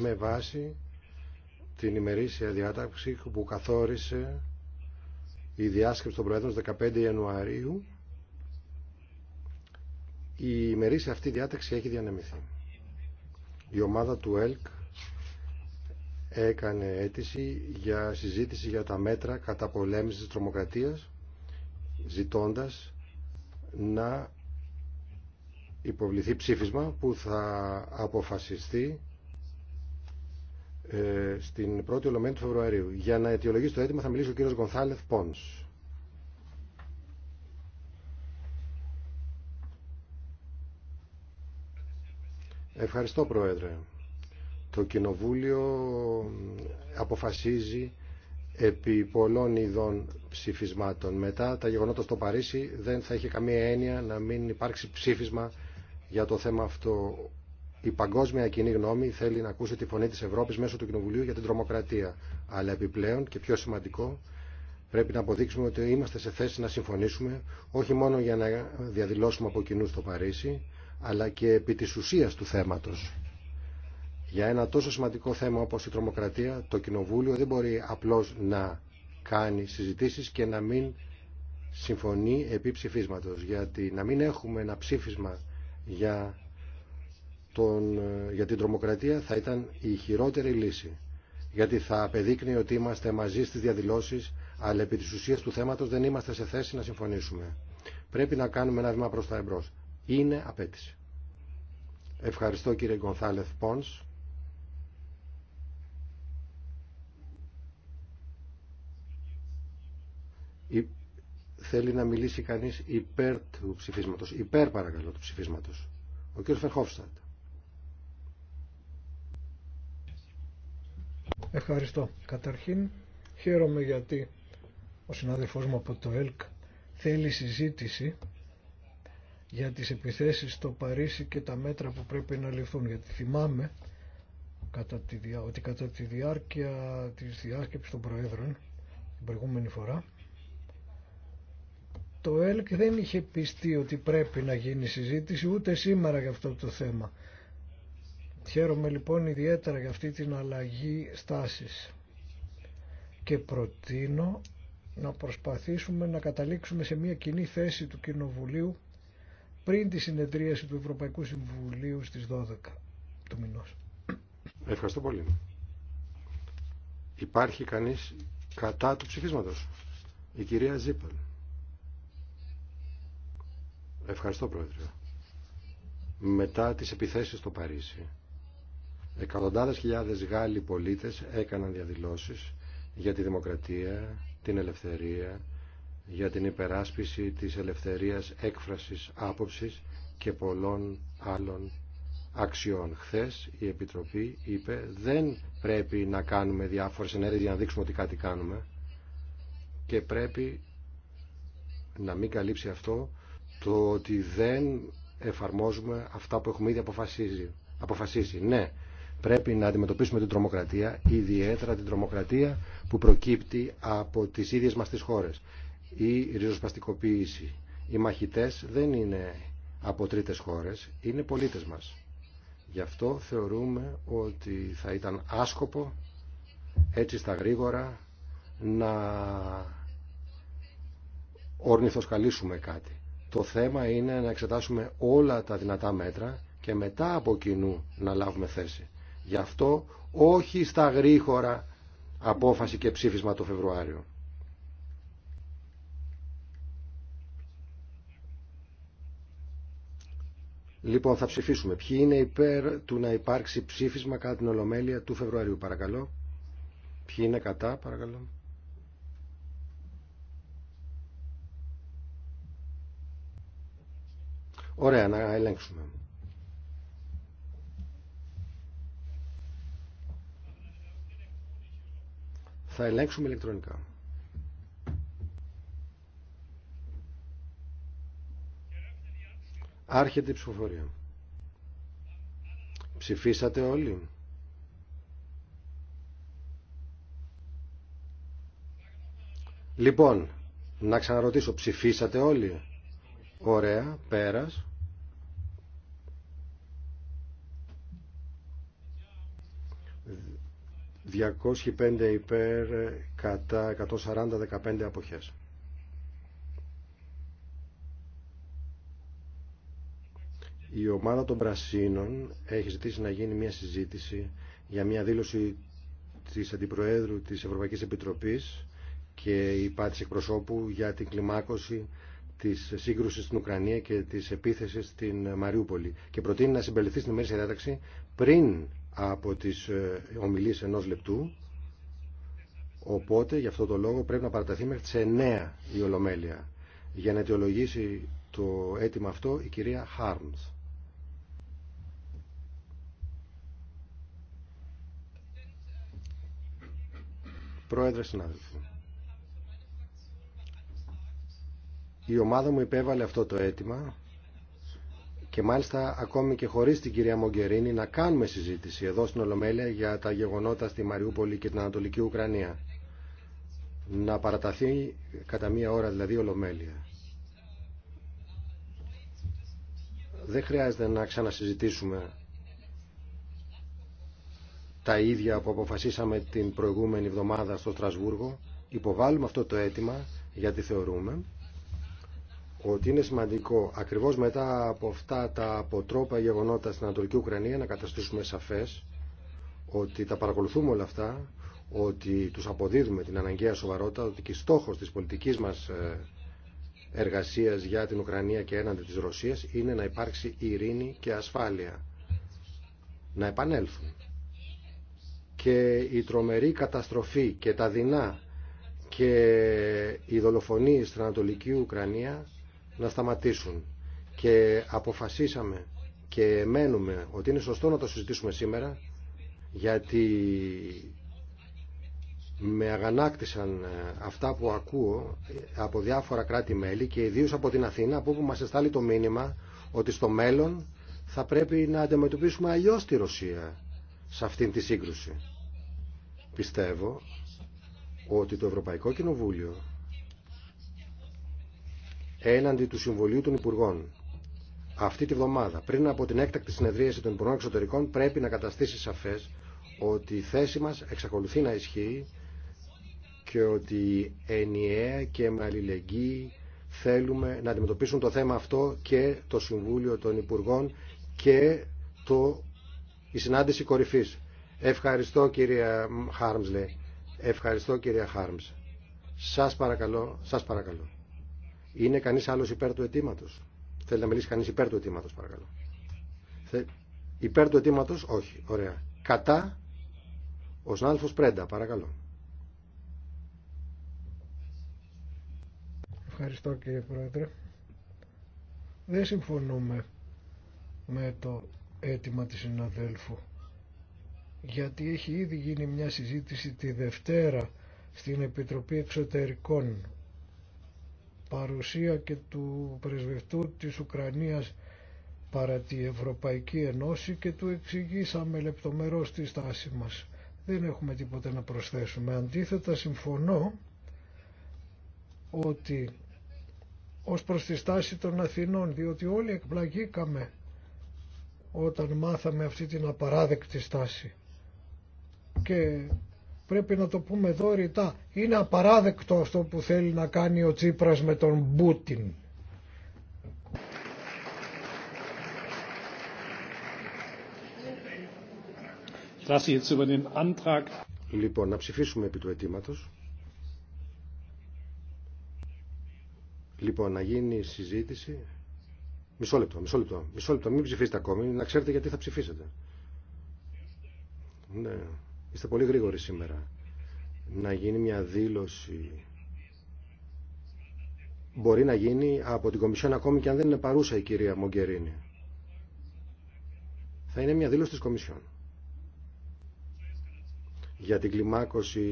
με βάση την ημερήσια διάταξη που καθόρισε η διάσκεψη των Προέδρων 15 Ιανουαρίου. Η ημερήσια αυτή διάταξη έχει διανεμηθεί. Η ομάδα του ΕΛΚ έκανε αίτηση για συζήτηση για τα μέτρα κατά πολέμησης της τρομοκρατίας ζητώντας να υποβληθεί ψήφισμα που θα αποφασιστεί ε, στην πρώτη ολομένη του Φεβρουαρίου. Για να αιτιολογήσει το αίτημα θα μιλήσει ο κύριος Γκονθάλεφ Πόνς. Ευχαριστώ Πρόεδρε. Το Κοινοβούλιο ε, αποφασίζει επί πολλών ειδών ψηφισμάτων. Μετά τα γεγονότα στο Παρίσι δεν θα είχε καμία έννοια να μην υπάρξει ψήφισμα για το θέμα αυτό η παγκόσμια κοινή γνώμη θέλει να ακούσει τη φωνή της Ευρώπης μέσω του Κοινοβουλίου για την τρομοκρατία. Αλλά επιπλέον και πιο σημαντικό πρέπει να αποδείξουμε ότι είμαστε σε θέση να συμφωνήσουμε όχι μόνο για να διαδηλώσουμε από κοινού στο Παρίσι, αλλά και επί της ουσίας του θέματος. Για ένα τόσο σημαντικό θέμα όπως η τρομοκρατία, το Κοινοβούλιο δεν μπορεί απλώς να κάνει συζητήσεις και να μην συμφωνεί επί ψηφίσματος. Γιατί να μην έχουμε ένα ψήφισμα για τον, ε, για την τρομοκρατία θα ήταν η χειρότερη λύση. Γιατί θα απεδείκνει ότι είμαστε μαζί στις διαδηλώσεις, αλλά επί της ουσίας του θέματος δεν είμαστε σε θέση να συμφωνήσουμε. Πρέπει να κάνουμε ένα βήμα προς τα εμπρός. Είναι απέτηση. Ευχαριστώ κύριε Γκονθάλεθ Πόνς. Θέλει να μιλήσει κανείς υπέρ του ψηφίσματος. Υπέρ παρακαλώ του ψηφίσματος. Ο κύριος Φερχόφστατ. Ευχαριστώ. Καταρχήν χαίρομαι γιατί ο συνάδελφός μου από το ΕΛΚ θέλει συζήτηση για τις επιθέσεις στο Παρίσι και τα μέτρα που πρέπει να ληφθούν. Γιατί θυμάμαι κατά τη, ότι κατά τη διάρκεια της διάσκεψης των Προέδρων την προηγούμενη φορά το ΕΛΚ δεν είχε πιστεί ότι πρέπει να γίνει συζήτηση ούτε σήμερα για αυτό το θέμα. Χαίρομαι λοιπόν ιδιαίτερα για αυτή την αλλαγή στάσης και προτείνω να προσπαθήσουμε να καταλήξουμε σε μια κοινή θέση του Κοινοβουλίου πριν τη συνεδρίαση του Ευρωπαϊκού Συμβουλίου στις 12 του μηνός. Ευχαριστώ πολύ. Υπάρχει κανείς κατά του ψηφίσματος. Η κυρία Ζήπαν. Ευχαριστώ πρόεδρε. Μετά τις επιθέσεις στο Παρίσι Εκατοντάδες χιλιάδες Γάλλοι πολίτες έκαναν διαδηλώσεις για τη δημοκρατία, την ελευθερία, για την υπεράσπιση της ελευθερίας έκφρασης άποψης και πολλών άλλων αξιών. Χθες η Επιτροπή είπε δεν πρέπει να κάνουμε διάφορες ενέργειες για να δείξουμε ότι κάτι κάνουμε και πρέπει να μην καλύψει αυτό το ότι δεν εφαρμόζουμε αυτά που έχουμε ήδη αποφασίσει. αποφασίσει. Ναι, πρέπει να αντιμετωπίσουμε την τρομοκρατία, ιδιαίτερα την τρομοκρατία που προκύπτει από τις ίδιες μας τις χώρες. Η ριζοσπαστικοποίηση. Οι μαχητές δεν είναι από τρίτες χώρες, είναι πολίτες μας. Γι' αυτό θεωρούμε ότι θα ήταν άσκοπο έτσι στα γρήγορα να ορνηθοσκαλίσουμε κάτι. Το θέμα είναι να εξετάσουμε όλα τα δυνατά μέτρα και μετά από κοινού να λάβουμε θέση. Γι' αυτό όχι στα γρήγορα απόφαση και ψήφισμα το Φεβρουάριο. Λοιπόν, θα ψηφίσουμε. Ποιοι είναι υπέρ του να υπάρξει ψήφισμα κατά την Ολομέλεια του Φεβρουαρίου, παρακαλώ. Ποιοι είναι κατά, παρακαλώ. Ωραία, να ελέγξουμε. Θα ελέγξουμε ηλεκτρονικά. Άρχεται η ψηφοφορία. Ψηφίσατε όλοι. Λοιπόν, να ξαναρωτήσω, ψηφίσατε όλοι. Ωραία, πέρας. 205 υπέρ κατά 140 15 αποχές. Η ομάδα των Πρασίνων έχει ζητήσει να γίνει μια συζήτηση για μια δήλωση της Αντιπροέδρου της Ευρωπαϊκής Επιτροπής και η πάτηση εκπροσώπου για την κλιμάκωση της σύγκρουσης στην Ουκρανία και της επίθεσης στην Μαριούπολη και προτείνει να συμπεριληφθεί στην ημέρηση διάταξη πριν από τις ε, ομιλίες ενός λεπτού οπότε γι' αυτό το λόγο πρέπει να παραταθεί μέχρι τις 9 η Ολομέλεια για να αιτιολογήσει το αίτημα αυτό η κυρία Χάρμς. Πρόεδρε συνάδελφοι, η ομάδα μου υπέβαλε αυτό το αίτημα και μάλιστα ακόμη και χωρίς την κυρία Μογκερίνη να κάνουμε συζήτηση εδώ στην Ολομέλεια για τα γεγονότα στη Μαριούπολη και την Ανατολική Ουκρανία. Να παραταθεί κατά μία ώρα δηλαδή Ολομέλεια. Δεν χρειάζεται να ξανασυζητήσουμε τα ίδια που αποφασίσαμε την προηγούμενη εβδομάδα στο Στρασβούργο. Υποβάλλουμε αυτό το αίτημα γιατί θεωρούμε ότι είναι σημαντικό ακριβώς μετά από αυτά τα αποτρόπα γεγονότα στην Ανατολική Ουκρανία να καταστήσουμε σαφές ότι τα παρακολουθούμε όλα αυτά, ότι τους αποδίδουμε την αναγκαία σοβαρότητα, ότι και στόχος της πολιτικής μας ε, εργασίας για την Ουκρανία και έναντι της Ρωσίας είναι να υπάρξει ειρήνη και ασφάλεια. Να επανέλθουν. Και η τρομερή καταστροφή και τα δεινά και οι δολοφονίες στην Ανατολική Ουκρανία να σταματήσουν και αποφασίσαμε και μένουμε ότι είναι σωστό να το συζητήσουμε σήμερα γιατί με αγανάκτησαν ε, αυτά που ακούω από διάφορα κράτη-μέλη και ιδίως από την Αθήνα από όπου μας εστάλει το μήνυμα ότι στο μέλλον θα πρέπει να αντιμετωπίσουμε αλλιώς τη Ρωσία σε αυτήν τη σύγκρουση. Πιστεύω ότι το Ευρωπαϊκό Κοινοβούλιο έναντι του Συμβουλίου των Υπουργών. Αυτή τη βδομάδα, πριν από την έκτακτη συνεδρίαση των Υπουργών Εξωτερικών, πρέπει να καταστήσει σαφέ ότι η θέση μα εξακολουθεί να ισχύει και ότι ενιαία και με αλληλεγγύη θέλουμε να αντιμετωπίσουν το θέμα αυτό και το Συμβούλιο των Υπουργών και το, η συνάντηση κορυφής. Ευχαριστώ κυρία Χάρμς λέει. Ευχαριστώ κυρία Χάρμς. Σας παρακαλώ, σας παρακαλώ. Είναι κανείς άλλος υπέρ του αιτήματο. Θέλει να μιλήσει κανείς υπέρ του αιτήματο, παρακαλώ. Θε... Υπέρ του αιτήματο, όχι. Ωραία. Κατά, ο Σνάλφο Πρέντα, παρακαλώ. Ευχαριστώ κύριε Πρόεδρε. Δεν συμφωνούμε με το αίτημα της συναδέλφου γιατί έχει ήδη γίνει μια συζήτηση τη Δευτέρα στην Επιτροπή Εξωτερικών παρουσία και του πρεσβευτού της Ουκρανίας παρά τη Ευρωπαϊκή Ενώση και του εξηγήσαμε λεπτομερώς τη στάση μας. Δεν έχουμε τίποτε να προσθέσουμε. Αντίθετα συμφωνώ ότι ως προς τη στάση των Αθηνών, διότι όλοι εκπλαγήκαμε όταν μάθαμε αυτή την απαράδεκτη στάση και Πρέπει να το πούμε εδώ ρητά. Είναι απαράδεκτο αυτό που θέλει να κάνει ο Τσίπρας με τον Μπούτιν. Λοιπόν, να ψηφίσουμε επί του αιτήματο. Λοιπόν, να γίνει συζήτηση. Μισό λεπτό, μισό λεπτό, μισό λεπτό. Μην ψηφίσετε ακόμη, να ξέρετε γιατί θα ψηφίσετε. Ναι. Είστε πολύ γρήγοροι σήμερα. Να γίνει μια δήλωση. Μπορεί να γίνει από την Κομισιόν ακόμη και αν δεν είναι παρούσα η κυρία Μογκερίνη. Θα είναι μια δήλωση της Κομισιόν. Για την κλιμάκωση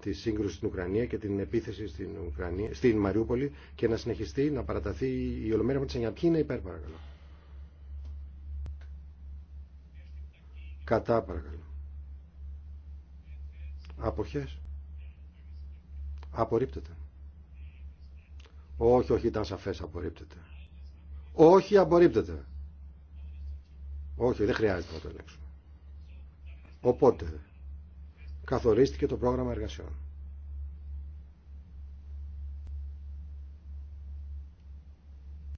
τη σύγκρουση στην Ουκρανία και την επίθεση στην, Ουκρανία, στην Μαριούπολη και να συνεχιστεί να παραταθεί η ολομέρεια με τη Ποιοι είναι υπέρ, παρακαλώ. Κατά, παρακαλώ. Αποχές. Απορρίπτεται. Όχι, όχι, ήταν σαφές, απορρίπτεται. Όχι, απορρίπτεται. Όχι, δεν χρειάζεται να το ελέγξουμε. Οπότε, καθορίστηκε το πρόγραμμα εργασιών.